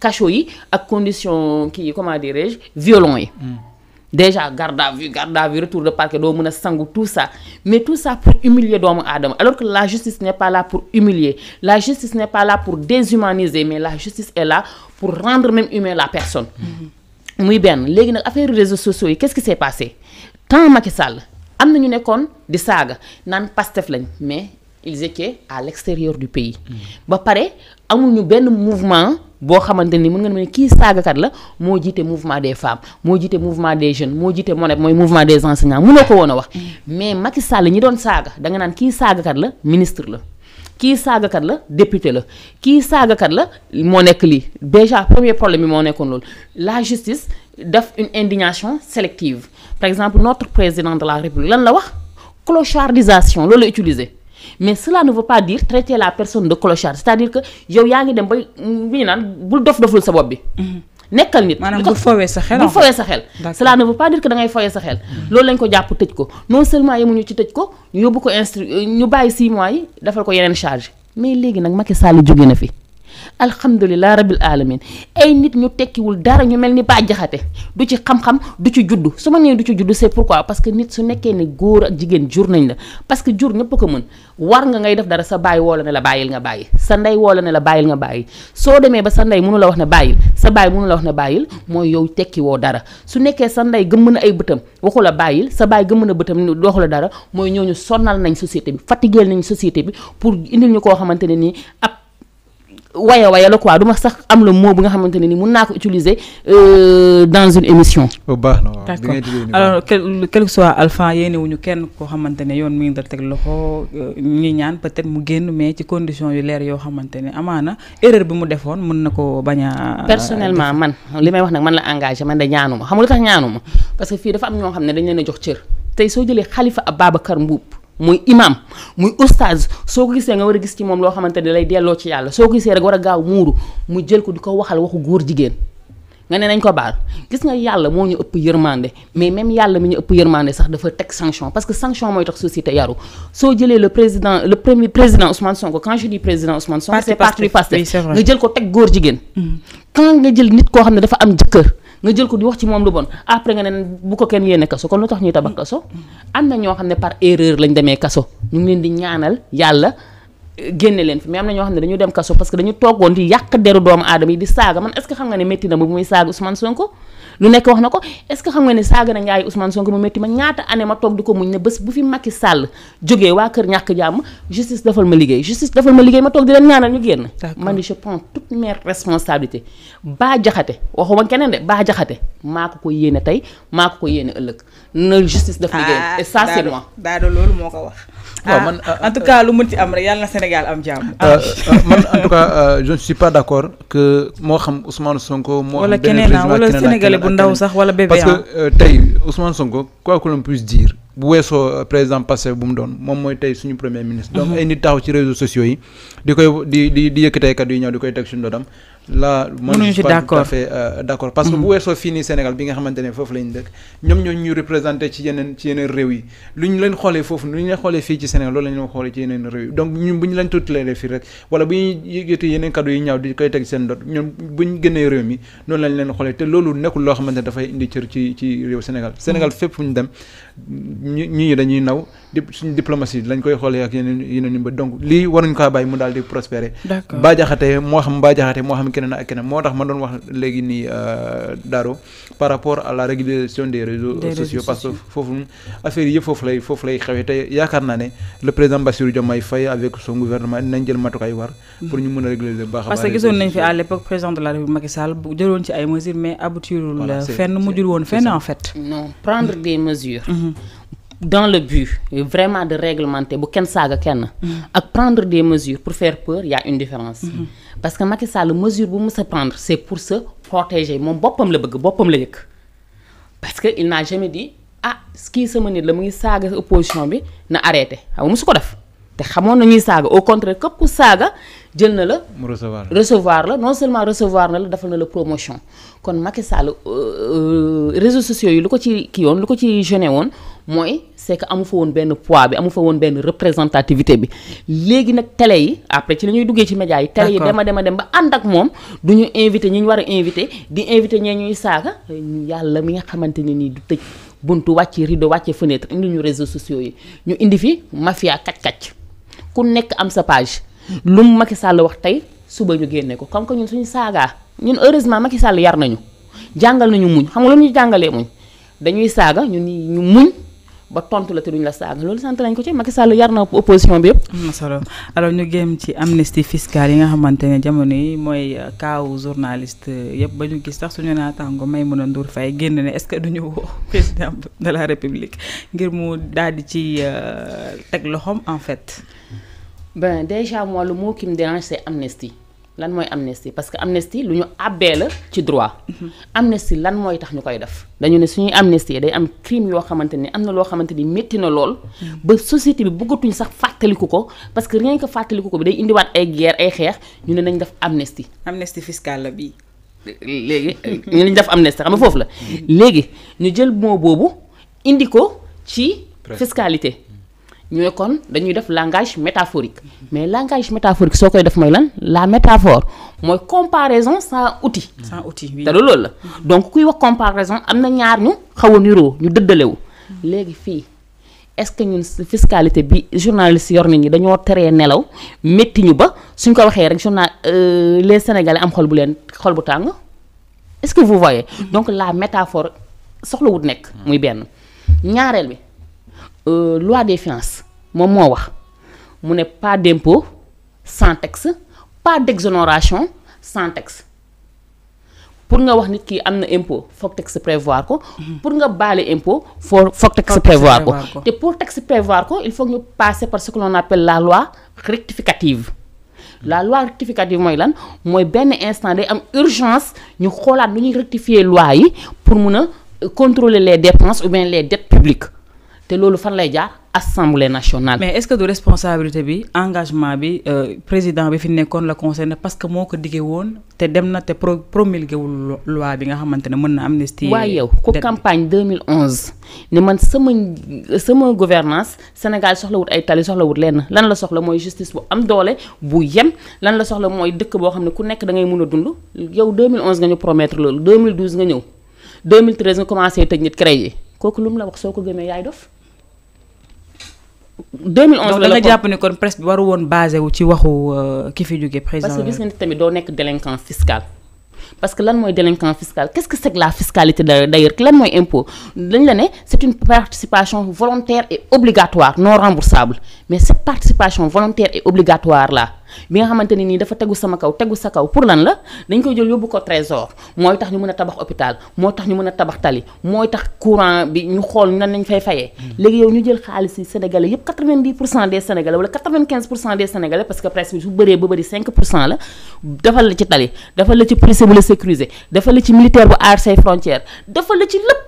cachot à ak condition est comment dirais-je hmm. déjà garde à vue garde à vue retour de parquet sang tout ça mais tout ça pour humilier l'homme, Adam alors que la justice n'est pas là pour humilier la justice n'est pas là pour déshumaniser mais la justice est là pour rendre même humain la personne. Oui bien, les réseaux sociaux qu'est-ce qui s'est passé tant Macky Sall am na des sagas, di Pastef lañ mais ils étaient à l'extérieur du pays. Hmm. ba y amuñu un mouvement bo you mën nga ne mouvement des femmes mouvement des jeunes mo mouvement des enseignants wax. Mm. mais ñi da nga ministre la. député la la déjà premier problème mon la justice une indignation sélective par exemple notre président de la république lan la wax clochardisation mais cela ne veut pas dire traiter la personne de clochard c'est-à-dire que yow yaa ngi dem ba bi mm, ñu naan bul dof doful sa bopp bi. Mm-hmm. nekkal nit maanaam bul fowee sa xel bul fowee sa xel cela ne veut pas dire que da ngay fowee sa xel mm-hmm. loolu lañ ko jàpp tëj ko non seulement ñu ci tëj ko ñu yóbbu ko instru ñu bàyyi 6 mois yi defal ko yeneen charge mais léegi nag Macky Sall jóge na fi alhamdulilah rabil alamin ay nit ñu tekkiwul dara ñu mel ni Bah du ci xam-xam du ci juddu su ma nee du ci juddu c'est pourquoi parce que nit su nekkee ne góor ak jigéen jur nañ la parce que jur ñëpp ko mën war nga ngay def dara sa bàyyi woo la ne la bàyyil nga bàyyi sa ndey woo la ne la bàyyil nga bàyyi soo demee ba sa ndey mënu la wax ne bàyyil sa baay mënu la wax ne bàyyil mooy yow tekki woo dara su nekkee sa ndey gëmm na ay bëtam waxu bàyyil sa baay gëmm na bëtam waxu la dara mooy ñooñu sonnal nañ société bi nañ société bi pour indil ñu koo xamante ne nii waya waya la quoi duma sax am le mot bu nga xamanteni ni euh, dans une émission. Oh, alors quel que soit Alpha wuñu kenn ko xamanteni qui mi ngi dal loxo euh, ñi ñaan peut-être mu mais ci condition yu leer yo xamanteni dire erreur bi mu que mën veux personnellement man que wax nak man la veux man que ñaanuma xam tax ñaanuma parce que fi dafa am dañ a jox cieur tay so jëlé Khalifa muy imam muy oustaz soo ko gisee nga war a gis ci moom loo xamante ne lay delloo ci yàlla soo ko gisee rek war a gaaw muuru mu jël ko di ko waxal waxu góor jigéen nga ne nañ ko baal gis nga yàlla moo ñu ëpp yërmande mais même yàlla mu ñu ëpp yërmande sax dafa teg sanction parce que sanction mooy tax société yaru soo jëlee le président le premier président Ousmane Sonko quand je dis président Ousmane Sonko c'est parti Pastef nga jël ko teg góor jigéen mm. quand nga jël nit koo xam ne dafa am jëkkër nga jël ko di wax ci moom lu bon après nga ne bu ko kenn yéene kaso kon lu tax ñuy tabax kaso mm. am na ñoo xam ne par erreur lañ demee kaso ñu ngi leen di ñaanal yàlla génne leen fi mais am na ñoo xam ne dañu dem kaso parce dañu toggoon di yàq deru doomu aadama yi di saaga man est xam nga ne métti na ma bu muy saaga Ousmane Sonko lu nekk wax na ko est ce que xam nga ne saaga na Ndiaye Ousmane Sonko mu métti ma ñaata année ma toog di ko muñ ne bés bu fi Macky Sall jógee waa kër ñàkk jàmm justice dafal ma liggéey justice dafal ma liggéey ma toog di leen ñaanal ñu génn man je prends toutes mes responsabilités baa jaxate waxuma keneen mako ko yene tay mako ko yene euleuk ëllëg na justice def liggéeyam ah, et ça c'est moi da loolu moo moko wax ah, euh, en tout cas lu mën ci am rek yalla na Sénégal am jàmm euh, euh, man en tout cas je ne suis pas d'accord que mo xam Ousmane Sonko mo wala keneen wala senegalais bu ndaw sax wala bébé parce que tay Ousmane Sonko quoi que l'on puisse dire bu wesso président passé bu mu doon moom mooy tey suñu premier ministre donc mhm. ay nit taxaw ci réseaux sociaux yi di koy di di di yëkkatee kàddu yi ñëw di koy tek suñu doodam là mënuñu ci d'accord fait euh, d'accord parce que mm-hmm. bu weesoo fii nii Sénégal bi nga xamante ne foofu lañ dëkk ñoom ñoo ñu représenté ci yeneen ci yeneen réew yi lu ñu leen xoolee foofu lu ñu leen xoolee fii ci Sénégal bu ñu leen tuttalee ñuy yëgati yeneen kaddu yi ñaaw di koy teg seen dot ñoom bu ñu gënee réew mi noonu lañ leen xoolee te loolu nekkul loo xamante dafay indi cër ci réew Sénégal mm-hmm. Sénégal fépp ñu dem ñu ñi dañuy naw di lañ koy xoolee ak yeneen yeneen ba donc lii waruñ ko bàyyi mu daal di prospérer baa par rapport à la régulation des réseaux sociaux parce que foofu le président avec son gouvernement nañ parce à président de la République Macky Sall mesures mais aboutirul euh, fenn en fait non prendre des mesures mhm dans le but vraiment de réglementer bu kenn saaga kenn. Mm-hmm. ak prendre des mesures pour faire peur il y a une différence. Mm-hmm. parce que Macky Sall mesure bu mu prendre c'est pour se protéger moom bopam la bëgg boppam la yëkk parce qu'il n'a jamais dit ah ce sama nit la mu ngi saga opposition bi na arrêter xam nga def te xamoon ñuy au contraire képp saga recevoir non seulement recevoir na la promotion. kon Macky euh, euh, réseaux sociaux yi lu ko ci ki yone lu ko ci c'est que amu fa poids bi amu fa représentativité bi télé après ci lañuy duggé ci yi. télé yi dema dema dem invité ñi ñu invité di invité ñi ñuy saga yalla mi nga ni du buntu fenêtre indi ñu réseaux sociaux yi ñu indi mafia ku am sa page. lu mu Macky Sall wax tey suba ñu génne ko comme que ñun suñu saagaa ñun heureusement Macky Sall yar nañu jàngal nañu muñ xam nga lu ñu jàngalee muñ dañuy saaga ñun ñu muñ ba tontu la te duñ la saaga loolu sant nañ ko ci Macky Sall yar na opposition bi yëpp. am na solo alors ñu géem ci amnistie fiscale yi nga xamante ne jamono yi mooy euh, kaawu journaliste euh, yëpp ba ñu gis sax suñu naataango a Ndour fay génn ne est-ce que duñu woo président de la république ngir mu daal di ci euh, teg loxoom en fait. ben déjà moi le mot qui me dérange c'est amnistie lan moy amnistie parce que amnistie lu ñu àbbee la ci droit mhm. amnistie lan moy tax ñukoy def dañu ne suñu amnistie day am crime yo xamanteni amna lo xamanteni metti na lool mhm. ba société bi bëggatuñ sax fàttaliku ko parce que rien que fàttaliku ko bi day indiwaat ay guerre ay xeex ñu ne nañ def amnistie amnistie fiscale la bii léegi ñu nañ def amnistie xam nga fofu la mhm. légui ñu jël mot bobu indi ko ci fiscalité ñu ne kon dañuy def langage métaphorique mais langage métaphorique soo quoi def mooy la métaphore mooy comparaison sans outil. sans outil oui te donc kuy wax comparaison am nous? ñaar ñu xaw a niroo ñu dëddalewu Les filles, est-ce que ñun fiscalité bi journaliste yor nit ñi dañoo téré nelaw metti ñu ba suñ ko waxé rek journal euh, les sénégalais am xol bu len xol bu tang est-ce que vous voyez. donc la métaphore soxlawut nek muy ben ñaareel bi. Euh, loi des finances Moi, moi, wax pas d'impôt sans taxe pas d'exonération sans taxe pour nga wax nit ki impôt impôt, faut que texte prévoir ko. Mhm. pour nga un impôt. faut que texte prévoir ko et pour texte prévoir ko il faut nous passer par ce que l'on appelle la loi rectificative. Mhm. la loi rectificative moi, lan bien ben instant urgence nous, xoolaat rectifier la loi pour contrôler les dépenses ou bien les dettes publiques te loolu fan lay jaar assemblée nationale. mais est-ce que du responsabilité bi engagement bi euh, président bi fi nekkoon la concerné parce que moo ko diggee woon te dem na te pro loi bi nga xamante ne mën na amnistie. waaye yow ko campagne 2011 ne man sama sama gouvernance Sénégal soxlawut ay tali soxlawut lenn lan la soxla mooy justice bu am doole bu yem lan la soxla mooy dëkk boo xam ne ku nekk da ngay mun a dund yow 2011 nga ñu promettre loolu 2012 nga ñëw 2013 nga commencé tëj nit créé kooku lu mu la wax soo ko gëmee yaay dof. 2011 la donc da nga jàpp ne kon presse bi waru basé wu ci waxu euh, ki fi jógee président parce que gis nga tamit do nek délinquant fiscal. parce que lan moy délinquant fiscal qu'est-ce que c'est que la fiscalité d'ailleurs lan moy impôt dañ la né c'est une participation volontaire et obligatoire non remboursable mais cette participation volontaire et obligatoire là. bi nga xamante ne nii dafa tegu sama kaw tegu sa kaw pour lan la dañ koy jël yóbbu ko trésor mooy tax ñu mën a tabax hôpital mooy tax ñu mën a tabax tali mooy tax courant bi ñu xool nan lañ fay fayee hmm. léegi yow ñu jël xaalis yi sénégalais yëpp 90 pour cent des sénégalais wala 95 pour cent des sénégalais parce que presse bi su bëree ba bëri 5 pour cent la dafa la ci tali dafa la ci policier bu la sécuriser dafa la ci militaire bu aar say frontières dafa la ci lépp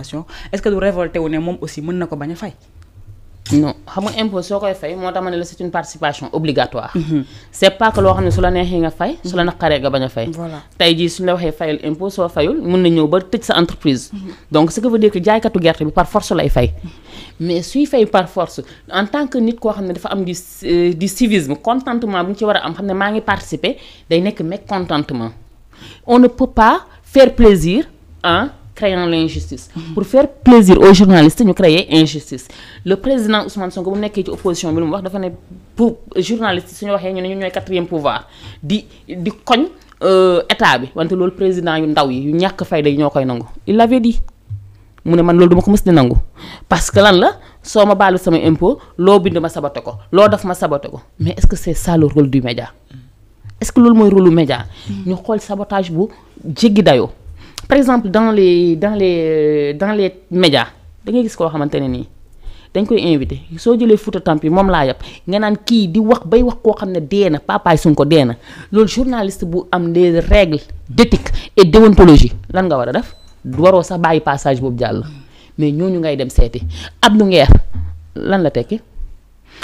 est-ce que vous révolté wu ne même aussi mën na pas non xam nga impôt sur fay moo c'est une participation obligatoire. Mhm. c'est pas que loo xam ne su la neexee nga fay. su la mhm. naqaree nga bañ fay. voilà T'as dit suñu la fayul impôt sur fayul mun na ñëw ba sa entreprise. Mhm. donc ce que veut dire que jaaykatu tout bi par force lay fay. mais suy fay par force en tant que nit quoi n'est ne dafa am euh, civisme contentement bu ñu ci war a am xam ne maa ngi mécontentement on ne peut pas faire plaisir hein? créant l'injustice pour faire plaisir aux journalistes nous créer injustice le président Ousmane Sonko qui nekkee ci opposition bi lu dit wax dafa pour journalistes ils suñu waxee ñu quatrième pouvoir di di koñ euh, état bi que le président yu ndaw yi yu ñàkk fayda yi nangu il l'avait dit mu ne man loolu duma ko Parce que nangu parce que lan la soo ma baalu sama impôt loo vais ma saboter. ko loo ma sabote mais est-ce que c'est ça le rôle du média est-ce que loolu le rôle du média mm. ñu le sabotage bu jéggi dayoo par exemple dans les dans les euh, dans les médias da ngay gis ko xamante ni dañ koy invité soo jëlee Fouta Tampi mom la yab nga nan ki di wax bay wax ko xamné déna dee na papaay suñ ko dee na journaliste bu am des règles d'éthique et déontologie lan nga wara def waroo sax bàyyi passage boobu jàll mais ñooñu ngay dem seeti Abdou Nguer lan la tekki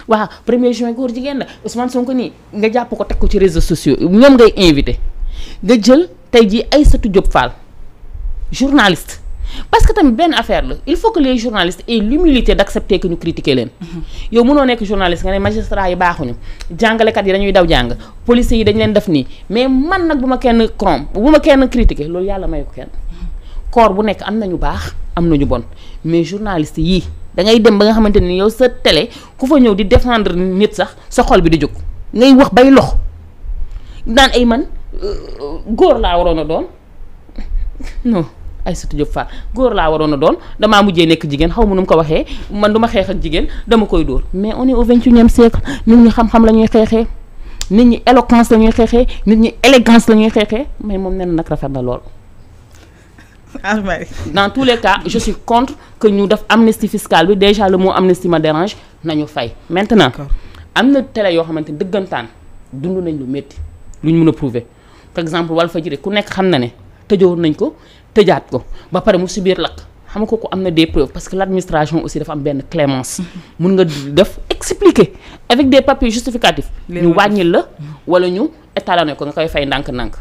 waaw premier juin góor jigéen la Ousmane Sonko ni nga japp ko teg ko ci réseaux sociaux ñom ngay invité nga jël tey jii Aïssatou Diop Fall journaliste parce que tamit benn affaire la il faut que les journalistes aient l'humilité d'accepter que nous critiquer leen mhm. yow mënoo nekk journaliste nga ne magistrat yi baaxuñu jàngalekat yi dañuy daw jàng police, yi dañ leen def nii mais man nag bu ma kenn crom bu ma kenn critiquer loolu yàlla may ko kenn mhm. corps bu nekk am nañu baax am bon mais journaliste yii da ngay dem ba nga xamante ni yow sa télé ku fa ñëw di défendre nit sax sa xol bi di jóg ngay wax bay lox naan ay man euh, euh, góor laa waroon a non Aïssatou Diop Fall góor laa waroon a doon damaa mujjee nekk jigéen xaw ma nu ko waxé man duma ma ak jigen dama koy door mais on est au 21e siècle nit ñi xam-xam lañuy ñuy nit ñi éloquence lañuy ñuy nit ñi élégance lañuy ñuy mais mom nee nak nag rafet na lool. dans tous les cas je suis contre que ñu def amnistie fiscale bi déjà le mot amnistie ma dérange nañu fay. maintenant amna télé yo xamante deugantane dundu nañ lu metti luñ mëna prouver par exemple wal Walfadjri ku nek xam na né tëjoon nañ ko tëjaat ko ba pare mu subir lakk xam nga kooku am na des preuves parce que l' aussi dafa am benn clémence. mun nga def expliquer avec des papiers justificatifs. ñu wàññil la wala ñu étalonné ko nga koy fay ndànk-ndànk.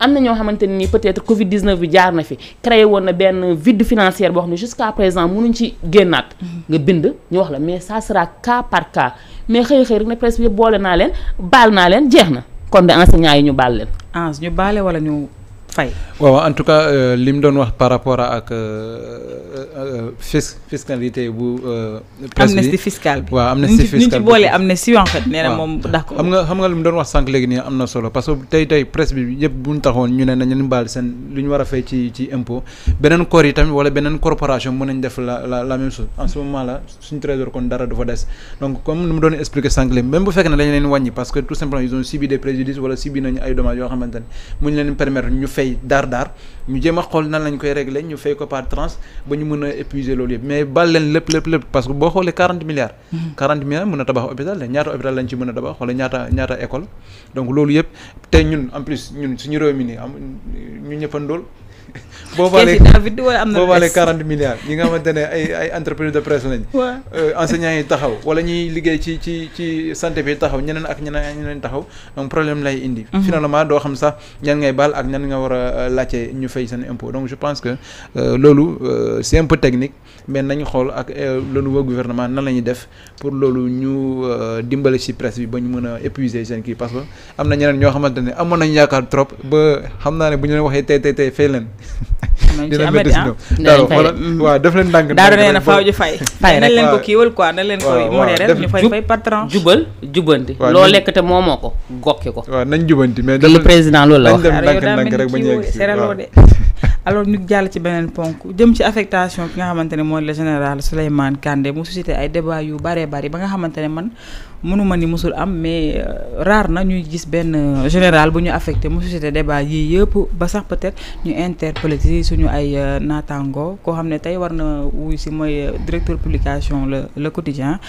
am na ñoo xamante ni peut-être Covid 19 bi jaar na fi créé woon na benn vide financière boo xam ne jusqu'à présent mënuñ ci génnaat. Mm-hmm. nga bind ñu wax la mais ça sera cas par cas mais xëy xëy rek naa leen baal naa na kon de enseignants yi ñu fay waaw en tout cas euh, lim mu doon wax par rapport ak euh, euh, fiscalité bu. presse fiscal amnistie fiscale bi. waaw amnistie fiscale bi ñu ci boole amnistie en fait. nee na moom d'accord xam nga xam nga lim mu doon wax sànq léegi nii am na solo parce que tey tey presse bi yëpp bu ñu taxoon ñu ne nañu leen baal seen lu ñu war a fay ci ci impôt beneen corps yi tamit wala beneen corporation mën nañ def la la la même chose en ce moment là suñ trésor kon dara du fa des donc comme ni mu doon expliqué sànq léegi même bu fekkee ne dañu leen wàññi parce que tout simplement ils ont subi des préjudices wala subi nañ ay dommages yoo xamante ne mu ñu leen permettre ñu fay fay daar daar ñu jéem a xool nan lañ koy régler ñu fay ko par tranche ba ñu mën a épuiser loolu yëpp mais bal leen lépp lépp lépp parce que boo xoolee quarante milliards. Mm-hmm. quarante milliards mën a tabax hôpital la ñaata hôpital lañ ci mën a tabax wala ñaata ñaata école donc loolu yëpp te ñun en plus ñun suñu réew mi nii ñu ñëppandool boo baalee boo baalee quarante milliards ñi nga xamante ne ay ay entreprise de presse lañ euh, enseignants yi taxaw wala ñuy liggéey ci ci ci santé bi taxaw ñeneen ak ñeneen ñeneen taxaw donc problème lay indi mhm. finalement doo xam sax ñan ngay baal ak ñan nga war a euh, ñu fay seen impôt je pense que euh, loolu c'est un peu technique mais nañu xool ak loolu waa gouvernement nan la ñuy def pour loolu ñu dimbale ci presse bi ba mën a épuiser seen kii parce que am na ñeneen ñoo xamante ne amoon nañu yaakaar trop ba xam naa ne bu ñu leen waxee tey tey tey fay leen dinañ ci amati ah mm, waaw def leen ndànk. daal nee na faaw ji fay. fay rek leen ko kiiwal quoi na leen ko. modéré ñu fay fay jubal jubanti. loo lekk te moomoo ko gokki ko. waaw nañ jubanti mais. li président loolu la wax. yow daa mel ni kii woo seraloo de. alors ñu jàll ci beneen ponk jëm ci affectation ki nga xamante ne mooy la général Souleymane Kandé mu suscité ay débat yu baree bari ba nga xamante ne man mënuma ni mosul am mais euh, rare na ñuy gis benn euh, général bu ñu affecté mu suscité débat yii yëpp ba sax peut ñu interpellé ci suñu ay euh, naataango koo xam ne tey war na wuy si mooy directeur publication le le quotidien